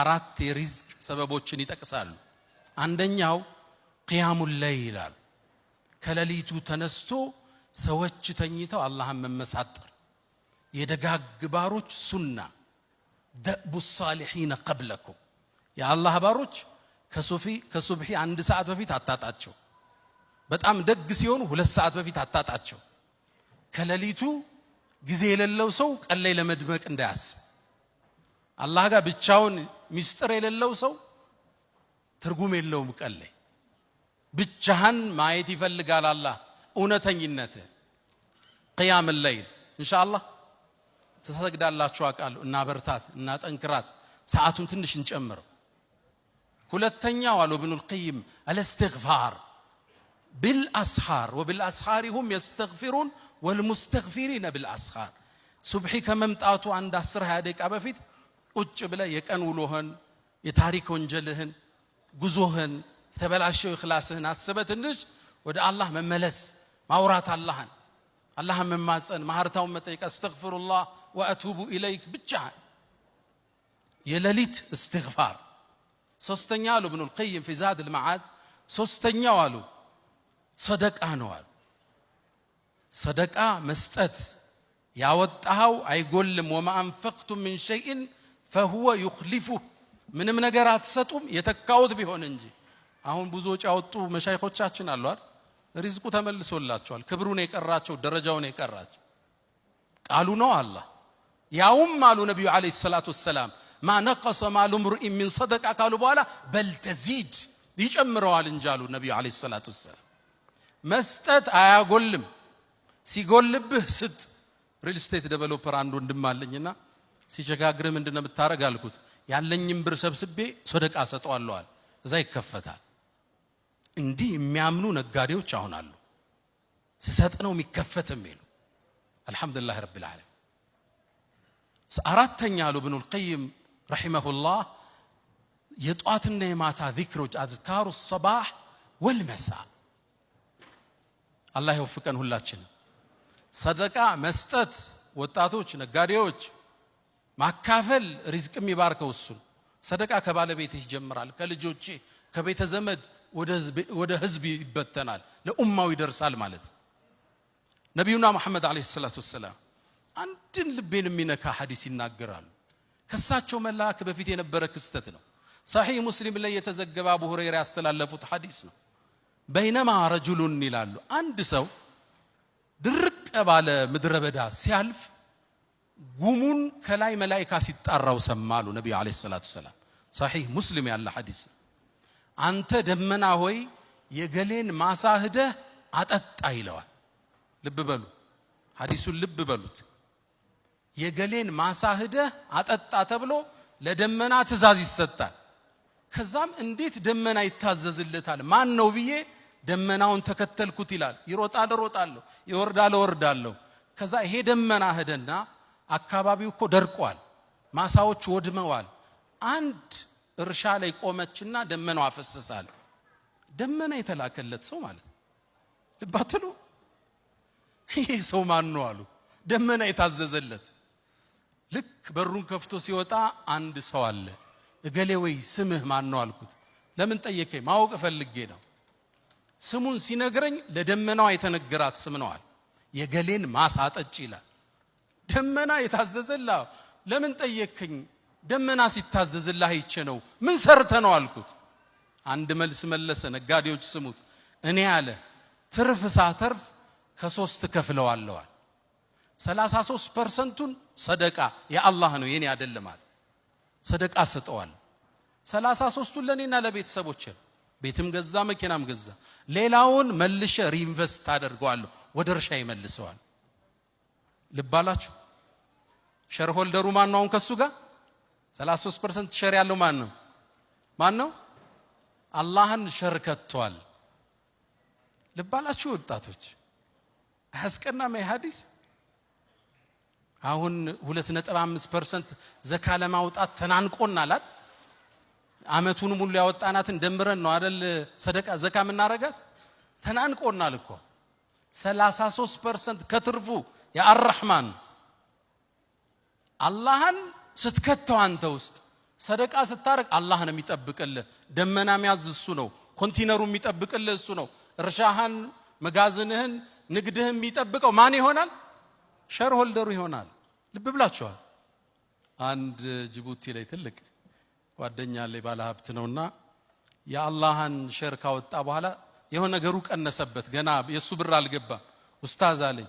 አራት የሪዝቅ ሰበቦችን ይጠቅሳሉ። አንደኛው ቅያሙን ላይ ይላሉ። ከሌሊቱ ተነስቶ ሰዎች ተኝተው አላህን መመሳጠር የደጋግ ባሮች ሱና ደቡ ሳሊሒነ ቀብለኩም የአላህ ባሮች ከሱብሒ አንድ ሰዓት በፊት አታጣቸው። በጣም ደግ ሲሆኑ ሁለት ሰዓት በፊት አታጣቸው። ከሌሊቱ ጊዜ የሌለው ሰው ቀን ላይ ለመድመቅ እንዳያስብ አላህ ጋር ብቻውን ሚስጥር የሌለው ሰው ትርጉም የለውም። ቀን ላይ ብቻህን ማየት ይፈልጋል አላህ እውነተኝነት። ቅያም ለይል ኢንሻአላህ ትሰግዳላችሁ አውቃለሁ። እና በርታት ጠንክራት። ሰዓቱን ትንሽ እንጨምረው። ሁለተኛው አሉ ኢብኑል ቀይም አልእስትግፋር ቢልአስሓር ወቢልአስሓሪ ሁም የስተግፊሩን ወልሙስተግፊሪነ ቢልአስሓር ሱብሒ ከመምጣቱ አንድ 10 20 ደቂቃ በፊት ቁጭ ብለ የቀን ውሎህን፣ የታሪክ ወንጀልህን፣ ጉዞህን፣ የተበላሸው እኽላስህን አስበህ ትንሽ ወደ አላህ መመለስ ማውራት አላህን አላህን መማፀን ማህርታውን መጠየቅ አስተግፊሩላህ ወአቱቡ ኢለይክ ብቻህን የሌሊት እስትግፋር። ሶስተኛ አሉ ኢብኑል ቀይም ፊ ዛድል ሶስተኛው አሉ ሰደቃ ነው አሉ። ሰደቃ መስጠት ያወጣኸው አይጎልም። ወማ አንፈቅቱም ምን ሸይእን ፈሁወ ዩክሊፉ ምንም ነገር አትሰጡም የተካውት ቢሆን እንጂ። አሁን ብዙ ወጪ ያወጡ መሻይኮቻችን አሉ ሪዝቁ ተመልሶላቸዋል። ክብሩን የቀራቸው ደረጃውን የቀራቸው ቃሉ ነው አላህ። ያውም አሉ ነቢዩ ዓለይሂ ሰላቱ ወሰላም ማ ነቀሰ ማሉ ምርኢን ሚን ሰደቃ ካሉ በኋላ በልተዚድ ይጨምረዋል እንጂ አሉ ነቢዩ ዓለይሂ ሰላቱ ወሰላም። መስጠት አያጎልም፣ ሲጎልብህ ስጥ። ሪል ስቴት ዴቨሎፐር አንድ ወንድም አለኝና ሲቸጋግር ምንድን ነው የምታደርግ አልኩት። ያለኝም ብር ሰብስቤ ሶደቃ ሰጠዋለዋል። እዛ ይከፈታል። እንዲህ የሚያምኑ ነጋዴዎች አሁን አሉ። ስሰጥ ነው የሚከፈት የሚሉ አልሐምዱላህ ረብል ዓለም አራተኛ አሉ ብኑል ቀይም ረሒመሁላህ የጧትና የማታ ዚክሮች አዝካሩ ሰባህ ወልመሳ አላህ ይወፍቀን ሁላችንም ሰደቃ መስጠት ወጣቶች ነጋዴዎች ማካፈል ሪዝቅም ይባርከው እሱን። ሰደቃ ከባለቤት ይጀምራል፣ ከልጆቼ ከቤተ ዘመድ ወደ ህዝብ ይበተናል፣ ለኡማው ይደርሳል ማለት ነቢዩና መሐመድ ዓለይሂ ሰላቱ ወሰላም አንድን ልቤን የሚነካ ሐዲስ ይናገራሉ። ከእሳቸው መላክ በፊት የነበረ ክስተት ነው። ሰሒህ ሙስሊም ላይ የተዘገበ አቡ ሁረይራ ያስተላለፉት ሐዲስ ነው። በይነማ ረጁሉን ይላሉ አንድ ሰው ድርቅ ባለ ምድረ በዳ ሲያልፍ ጉሙን ከላይ መላይካ ሲጠራው ሰማሉ ነቢ ዓለይሂ ሰላቱ ሰላም። ሰሒህ ሙስሊም ያለ ሐዲስ አንተ ደመና ሆይ የገሌን ማሳ ሂደህ አጠጣ ይለዋል። ልብ በሉ ሐዲሱን ልብ በሉት። የገሌን ማሳ ሂደህ አጠጣ ተብሎ ለደመና ትእዛዝ ይሰጣል። ከዛም እንዴት ደመና ይታዘዝለታል? ማን ነው ብዬ ደመናውን ተከተልኩት ይላል። ይሮጣል፣ እሮጣለሁ፣ ይወርዳል፣ እወርዳለሁ። ከዛ ይሄ ደመና ሂደና አካባቢው እኮ ደርቋል፣ ማሳዎች ወድመዋል። አንድ እርሻ ላይ ቆመችና ደመናዋ አፈሰሳል። ደመና የተላከለት ሰው ማለት ልባትሉ ይህ ይሄ ሰው ማን ነው አሉ። ደመና የታዘዘለት ልክ በሩን ከፍቶ ሲወጣ አንድ ሰው አለ። እገሌ ወይ ስምህ ማን ነው አልኩት። ለምን ጠየከኝ? ማወቅ ፈልጌ ነው። ስሙን ሲነግረኝ ለደመናዋ የተነገራት ስም ነዋል። የገሌን ማሳ ጠጭ ይላል። ደመና የታዘዘላ ለምን ጠየቅክኝ? ደመና ሲታዘዝላህ አይቼ ነው። ምን ሰርተ ነው አልኩት። አንድ መልስ መለሰ። ነጋዴዎች ስሙት። እኔ አለ ትርፍ ሳተርፍ ከሶስት ከፍለዋለዋል። ሰላሳ ሶስት ፐርሰንቱን ሰደቃ የአላህ ነው የኔ አይደለም አለ። ሰደቃ ሰጠዋል። ሰላሳ ሶስቱን ለእኔና ለቤተሰቦች ቤትም ገዛ መኪናም ገዛ። ሌላውን መልሸ ሪኢንቨስት አደርገዋለሁ፣ ወደ እርሻ ይመልሰዋል። ልባላችሁ ሸር ሆልደሩ ማን ነው? አሁን ከሱ ጋር 33% ሸር ያለው ማን ነው? ማን ነው? አላህን ሸር ከቷል። ልባላችሁ ወጣቶች አያስቀና ማይ ሐዲስ አሁን 2.5% ዘካ ለማውጣት ተናንቆናላት። አመቱን ሙሉ ያወጣናትን ደምረን ነው አይደል ሰደቃ ዘካ የምናረጋት ተናንቆናል እኮ 33% ከትርፉ የአራህማን አላህን ስትከተው አንተ ውስጥ ሰደቃ ስታደርግ አላህ ነው የሚጠብቅልህ። ደመና ሚያዝ እሱ ነው። ኮንቲነሩ የሚጠብቅልህ እሱ ነው። እርሻህን፣ መጋዝንህን፣ ንግድህን የሚጠብቀው ማን ይሆናል? ሸር ሆልደሩ ይሆናል። ልብ ብላችኋል። አንድ ጅቡቲ ላይ ትልቅ ጓደኛ ላይ ባለ ሀብት ነውና የአላህን ሸር ካወጣ በኋላ የሆነ ነገሩ ቀነሰበት። ገና የእሱ ብር አልገባ ኡስታዝ አለኝ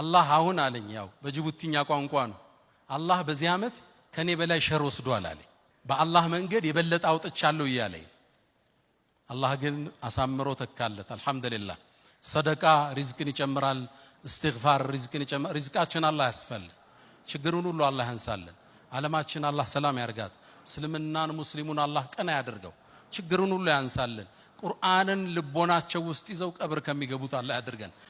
አላህ አሁን አለኝ። ያው በጅቡቲኛ ቋንቋ ነው። አላህ በዚህ ዓመት ከኔ በላይ ሸር ወስዷል አለኝ። በአላህ መንገድ የበለጠ አውጥቻለሁ እያለኝ፣ አላህ ግን አሳምሮ ተካለት። አልሐምዱሊላህ። ሰደቃ ሪዝቅን ይጨምራል። እስትግፋር ሪዝቅን ይጨምራል። ሪዝቃችን አላህ ያስፈል። ችግሩን ሁሉ አላህ ያንሳለን። ዓለማችን አላህ ሰላም ያርጋት። እስልምናን ሙስሊሙን አላህ ቀና ያደርገው። ችግሩን ሁሉ ያንሳልን። ቁርአንን ልቦናቸው ውስጥ ይዘው ቀብር ከሚገቡት አላህ ያድርገን።